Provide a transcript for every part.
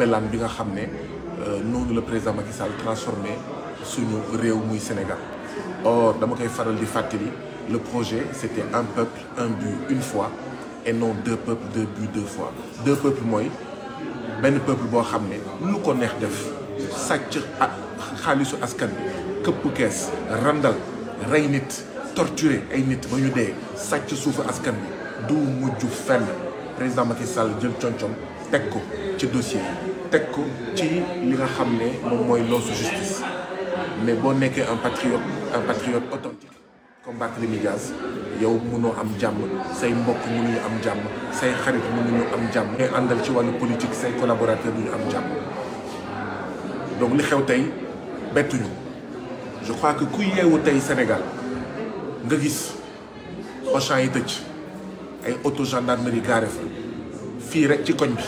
Bellaan bi nga xam ne euh, noonu la président Macky Sall transformé suñu réew muy Sénégal or dama koy faral di fàttali le projet c'était un peuple un but une fois et non deux peuples deux buts deux fois deux peuples mooy benn peuple boo xam ne lu ko neex def sàcc xaalisu askan bi këpp kees randal rey nit torturer ay nit ba ñu dee sàcc suufu askan bi du mujj fenn président Macky Sall jël concom teg ko ci dossier teg ko ci li nga xam ne moom mooy loosu justice mais boo nekkee un patriote un patriote authentique comme Barthélémy Dias yow mënoo am jàmm say mbokk mënuñu am jàmm say xarit mënuñu am jàmm ngay àndal ci wàllu politique say collaborateur duñu am jàmm donc li xew tey bettuñu je crois que ku yeewu tey Sénégal nga gis Auchan yi tëj ay auto gendarmerie garé fa fii rek ci koñ bi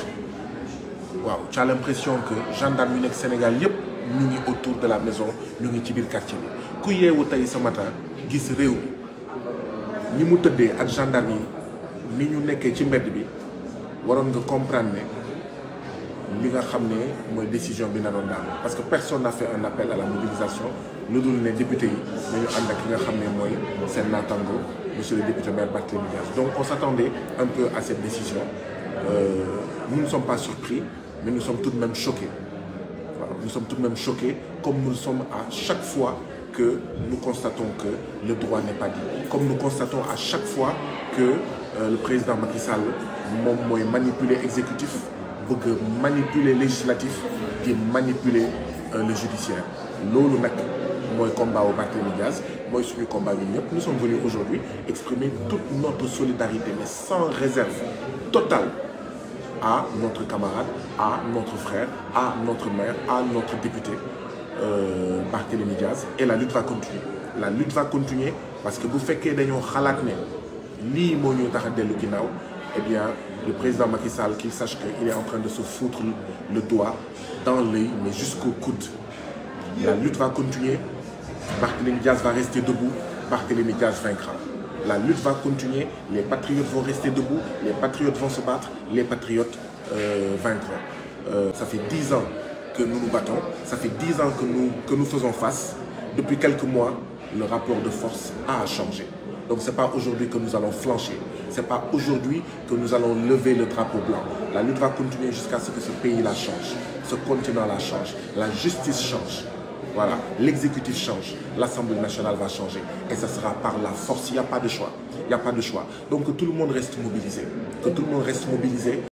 waaw tu as l'impression que gendarme yu nekk Sénégal yëpp ñu ngi autour de la maison ñu ngi ci biir quartier ku yeewu tey ce matin gis réew mi ni mu tëddee ak gendarme yi ni ñu nekkee ci mbedd bi waroon nga comprendre ne li nga xam ne mooy décision bi na doon daal parce que personne n'a fait un appel à la mobilisation lu dul ne député yi nañu ànd ak ki nga xam ne mooy seen naataango monsieur le député maire Barthélémy Dias. Donc on s'attendait un peu à cette décision. Euh, nous ne sommes pas surpris, mais nous sommes tout de même choqués. Voilà, nous sommes tout de même choqués, comme nous le sommes à chaque fois que nous constatons que le droit n'est pas dit. Comme nous constatons à chaque fois que euh, le président Macky Sall moom mooy manipuler exécutif bëgg manipuler législatif di manipuler euh, le judiciaire loolu nag. mooy combat wu Barthélémy Diaz mooy suñu combat ñun ñëpp nous sommes venus aujourd'hui exprimer toute notre solidarité mais sans réserve totale à notre camarade à notre frère à notre maire à notre député euh, Barthélémy et la lutte va continuer la lutte va continuer parce que bu fekkee dañoo xalaat ne li moo ñu tax a dellu ginnaaw eh bien le président Macky Sall qu'il sache que il est en train de se foutre le doigt dans l'œil mais jusqu'au coude la lutte va continuer Barthélémy Diaz va rester debout, Barthélémy Diaz vaincra. La lutte va continuer, les patriotes vont rester debout, les patriotes vont se battre, les patriotes euh, vaincront. Euh, ça fait dix ans que nous nous battons, ça fait dix que nous, faisons face. Depuis quelques mois, le rapport de force a changé. Donc ce n'est pas aujourd'hui que nous allons flancher, ce n'est pas aujourd'hui que nous allons lever le drapeau blanc. La lutte va continuer jusqu'à ce que ce pays la change, ce continent la change, la justice change. Voilà, l'exécutif change, l'Assemblée nationale va changer. Et ça sera par la force, il n'y a pas de choix. Il n'y a pas de choix. Donc que tout le monde reste mobilisé. Que tout le monde reste mobilisé.